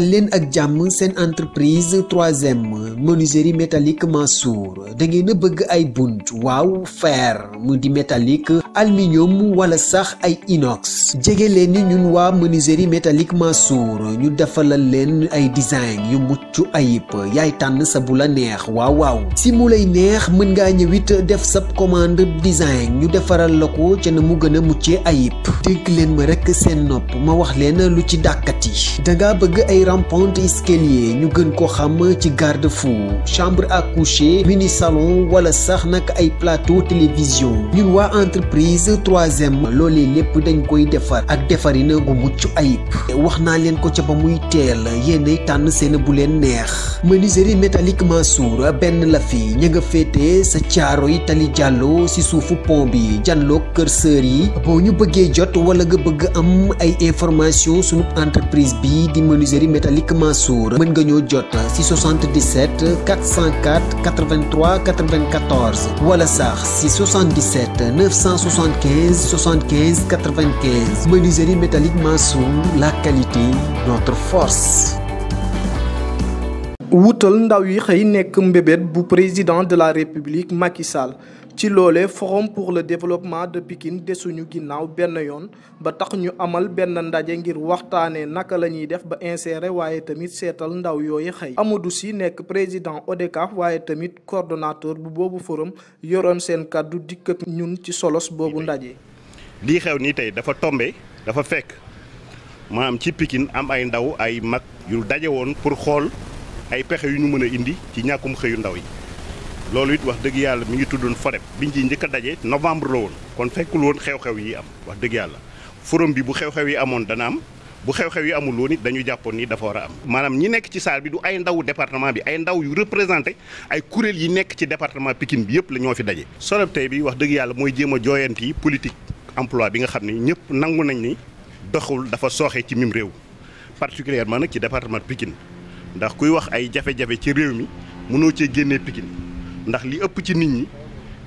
leen ak sen sen entreprise 3e menuiserie métallique Mansour da ngeen a bëgg ay bunt waaw fer mu di métallique aluminium wala sax ay inox jege leen ni ñun waa menuiserie métallique Mansour ñu defalal leen ay design yu muccu ayib yaay tànn sa bu la neex waaw waaw si mu lay neex mën ngaa ñëwit def sab commande design ñu defaral la ko ca na mu gën a muccee ayib dénk leen ma rek seen nopp ma wax leen lu ci dàkkati danga bëgg ay literie rampante escalier ñu gën ko xam ci garde fou chambre à coucher mini salon wala sax nag ay plateau télévision ñun waa entreprise troisième loolee lépp dañ koy defar ak defarina gu mucc ayib wax naa leen ko ca ba muy teel yéenay tànn seen bu leen neex menuiserie métallique Mansour benn la fi ña nga féetee sa caaro yi tali jàllo si suufu pont bi jànloog kër sër yi boo ñu bëggee jot wala nga bëgg am ay information sunu entreprise bi di menuiserie métallique Mansour mën nga ñoo jot si 77 404 83 94 wala sax si 77 975 75 95 menuiserie métallique Mansour la qualité notre force wutal ndaw yi xëy nekk mbébét bu président de la république Macky Sall ci loole forum pour le développement de Pikine desuñu ginnaaw benn yoon ba tax ñu amal benn ndaje ngir waxtaanee naka la ñuy def ba insérer waaye tamit seetal ndaw yooyu xëy Amadou si nekk président ODCAV waaye tamit coordonnateur bu boobu forum yoroon seen kàddu dikk ak ñun ci solos boobu ndaje. lii xew nii tey dafa tombe dafa fekk maanaam ci Pikine am ay ndaw ay mag yu daje woon pour xool. ay pexe yu ñu mën indi ci ñàkkum xëyu ndaw yi loolu it wax dëgg yàlla mi ngi tuddoon Le biñ ci a novembre la woon kon fekkul woon xew-xew yi am wax dëgg yàlla forum bi bu xew-xew yi amoon dana am bu xew-xew yi amul dañu ni du ay département bi ay ndaw yu représenté ay yi nekk département Pikine bi la ñoo fi solo tey bi wax politique emploi bi nga xam ne nangu nañ ni doxul dafa particulièrement département Pikine ndax kuy wax ay jafe-jafe ci réew mi mënoo cee génnee Pikine ndax li ëpp ci nit ñi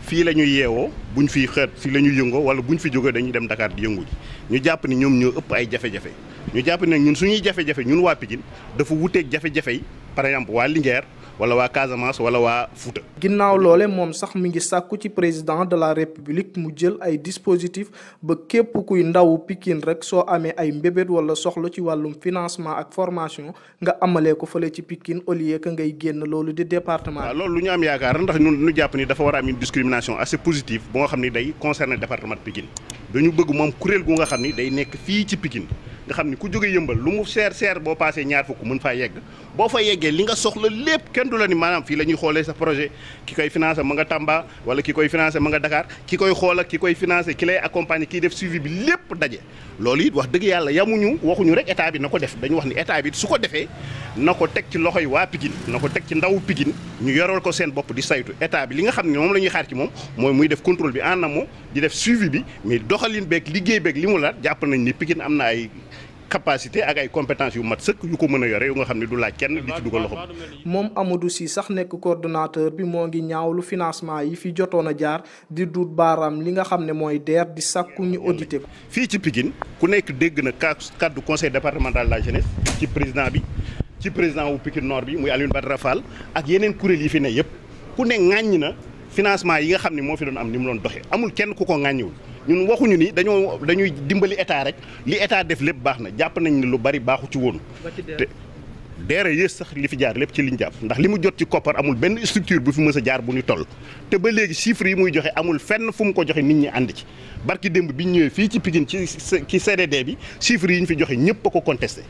fii la ñu yeewoo buñ fiy xeet fii la ñu yëngoo wala ñu fi jógee dañuy dem ndakaar di yëngu ji ñu jàpp ni ñoom ñoo ëpp ay jafe-jafe ñu jàpp ni nag ñun suñuy jafe-jafe ñun waa Pikine dafa wuteeg jafe-jafe yi par exemple waa Linguère wala waa Casamance wala waa Fouta. ginnaaw loole moom sax mi ngi sàkku ci président de la république mu jël ay dispositif ba képp kuy ndawu Pikine rek soo amee ay mbébét wala soxla ci wàllum financement ak formation nga amalee ko fële ci Pikine au lieu que ngay génn loolu di département. waaw loolu lu ñu am yaakaar ndax ñun ñu jàpp ni dafa war a am une discrimination assez positive boo nga xam ni day concerner département de Pikine dañu bëgg moom kuréel gu nga xam ni day nekk fii ci Pikine. nga xam ni ku jóge yëmbal lu mu seer seer boo paasee ñaar fukk mën faa yegg boo fa yeggee li nga soxla lépp kenn du la ni maanaam fii la ñuy xoolee sa projet ki koy financé ma nga Tamba wala ki koy financé ma nga dakaar ki koy xool ak ki koy financé ki lay accompagner ki def suivi bi lépp daje loolu it wax dëgg yàlla yamuñu waxuñu rek état bi na ko def dañu wax ni état bi su ko defee na ko teg ci loxo yi waa Pikine na ko teg ci ndaw Pikine ñu yoral ko seen bopp di saytu état bi li nga xam ne la ñuy xaar ci moom mooy muy def bi en amont di def suivi bi mais doxalin beeg liggéey beeg li mu laat jàpp nañ ni Pikine am na ay capacité ak ay compétence yu mat sëkk yu ko mën a yore yu nga xam ne du laaj kenn di ci ko loxo. moom Amadou Sy sax nekk coordonnateur bi moo ngi ñaawlu financement yi fi jotoon a jaar di duut baaraam li nga xam ne mooy DER di sàkku ñu audité ko. fii ci Pikine ku nekk dégg na kàddu conseil départemental de la jeunesse ci président bi ci président wu Pikine Nord bi muy Alioune Badara Fall ak yeneen kuréel yi fi ne yëpp ku ne ŋàññ na financement yi nga xam ne moo fi doon am ni mu doon doxee amul kenn ku ko ŋàññiwul. ñun waxuñu ni dañoo dañuy dimbali état rek li état def lépp baax na jàpp nañ ni lu bari baaxu ci woon te deere yées sax li fi jaar lépp ci liñ jàpp ndax li mu jot ci koppar amul benn structure bu fi mës a jaar bu ñu toll te ba léegi chiffres yi muy joxe amul fenn fu mu ko joxe nit ñi ànd ci barki démb bi ñu ñëwee fii ci Pikine ci ci CDD bi chiffres yi ñu fi joxe ñëpp a ko contesté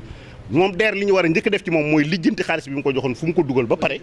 moom deer li ñu war a njëkk def ci moom mooy lijjanti xaalis bi mu ko joxoon fu mu ko dugal ba pare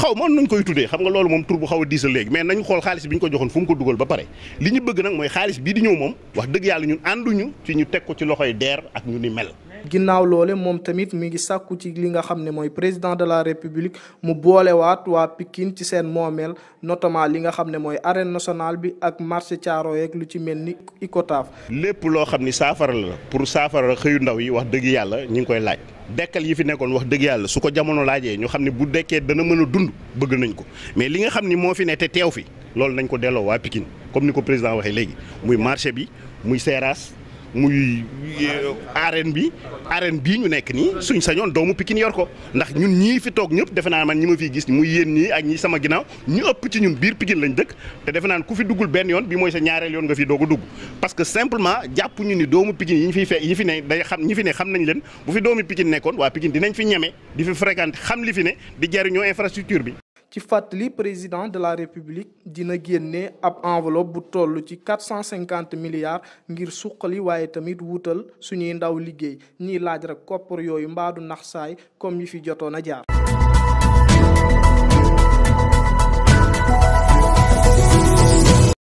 xaw ma nuñ koy tuddee xam nga loolu moom tur bu xaw a diis la léegi mais nañ xool xaalis bi ñu ko joxoon fu mu ko dugal ba pare li ñu bëgg nag mooy xaalis bii di ñëw moom wax dëgg yàlla ñun ànduñu ci ñu teg ko ci loxoy deer ak ñu ni mel ginnaaw loole moom tamit mu ngi sàkku ci li nga xam ne mooy président de la république mu boolewaat waa Pikine ci seen moomeel notamment li nga xam ne mooy arène nationale bi ak marché Thiaroye yeeg lu ci mel ni Icotaf. lépp loo xam ni saafara la pour saafara xëyu ndaw yi wax dëgg yàlla ñu ngi koy laaj. dekkal yi fi nekkoon wax dëgg yàlla su ko jamono laajee ñu xam ne bu dekkee dana mën a dund bëgg nañ ko mais li nga xam ni moo fi ne te teew fi loolu nañ ko delloo waa Pikine comme ni ko président waxee léegi muy marché bi muy seeraas muy euh, arène bi arène bii ñu nekk nii suñ sañoon doomu Pikine yor ko ndax ñun ñii fi toog ñëpp defe naa man ñi ma fi gis muy yéen ñii ak ñi sama ginnaaw ñu ëpp ci ñun biir Pikine lañ dëkk te defe naan ku fi duggul benn yoon bi mooy sa ñaareel yoon nga fi doog a dugg parce que simplement jàpp ñu ni doomu Pikine yi ñu fiy fi ne day xam ñi fi ne xam nañ leen bu fi doomu Pikine nekkoon waa Pikine dinañ fi ñeme di fi fréquenté xam li fi ne di jariñoo infrastructure bi ci fàttali président de la république dina génne ab enveloppe bu toll ci quatre cent cinquante milliards ngir suqali waaye tamit wuutal suñuy ndaw liggéey ñiy laaj rek koppar yooyu mbaadu nax saay comme yi fi jotoon a jaar.